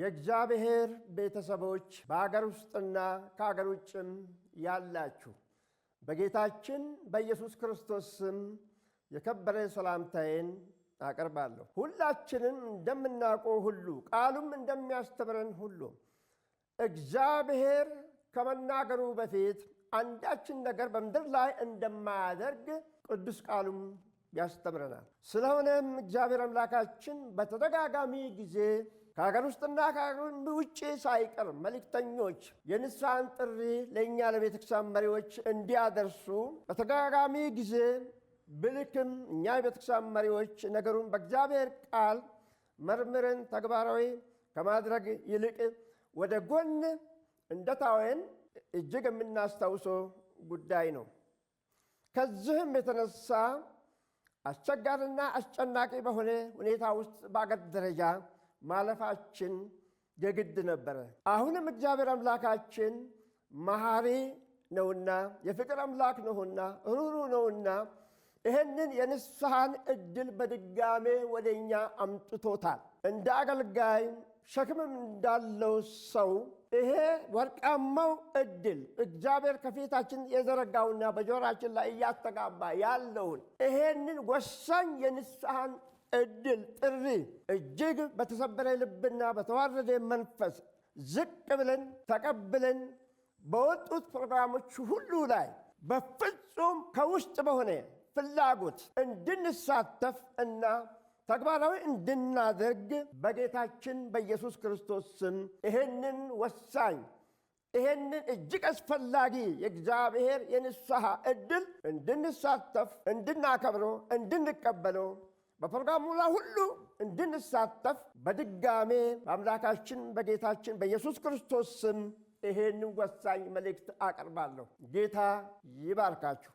የእግዚአብሔር ቤተሰቦች በአገር ውስጥና ከአገር ውጭም ያላችሁ በጌታችን በኢየሱስ ክርስቶስ ስም የከበረ ሰላምታዬን አቀርባለሁ። ሁላችንም እንደምናውቀው ሁሉ ቃሉም እንደሚያስተምረን ሁሉ እግዚአብሔር ከመናገሩ በፊት አንዳችን ነገር በምድር ላይ እንደማያደርግ ቅዱስ ቃሉም ያስተምረናል። ስለሆነም እግዚአብሔር አምላካችን በተደጋጋሚ ጊዜ ከሀገር ውስጥና ከሀገር ውጭ ሳይቀር መልእክተኞች የንስሐን ጥሪ ለእኛ ለቤተ ክርስቲያን መሪዎች እንዲያደርሱ በተደጋጋሚ ጊዜ ብልክም እኛ የቤተ ክርስቲያን መሪዎች ነገሩን በእግዚአብሔር ቃል መርምርን ተግባራዊ ከማድረግ ይልቅ ወደ ጎን እንደታወን እጅግ የምናስታውሶ ጉዳይ ነው። ከዚህም የተነሳ አስቸጋሪና አስጨናቂ በሆነ ሁኔታ ውስጥ በአገር ደረጃ ማለፋችን የግድ ነበረ። አሁንም እግዚአብሔር አምላካችን መሐሪ ነውና የፍቅር አምላክ ነውና ሩሩ ነውና ይህንን የንስሐን ዕድል በድጋሜ ወደ እኛ አምጥቶታል። እንደ አገልጋይ ሸክምም እንዳለው ሰው ይሄ ወርቃማው ዕድል እግዚአብሔር ከፊታችን የዘረጋውና በጆራችን ላይ እያስተጋባ ያለውን ይሄንን ወሳኝ የንስሐን ዕድል ጥሪ እጅግ በተሰበረ ልብና በተዋረደ መንፈስ ዝቅ ብለን ተቀብለን በወጡት ፕሮግራሞች ሁሉ ላይ በፍጹም ከውስጥ በሆነ ፍላጎት እንድንሳተፍ እና ተግባራዊ እንድናደርግ በጌታችን በኢየሱስ ክርስቶስ ስም ይሄንን ወሳኝ ይሄንን እጅግ አስፈላጊ የእግዚአብሔር የንስሐ ዕድል እንድንሳተፍ፣ እንድናከብረው፣ እንድንቀበለው በፕሮግራሙ ላይ ሁሉ እንድንሳተፍ በድጋሜ በአምላካችን በጌታችን በኢየሱስ ክርስቶስ ስም ይሄንን ወሳኝ መልእክት አቀርባለሁ። ጌታ ይባርካችሁ።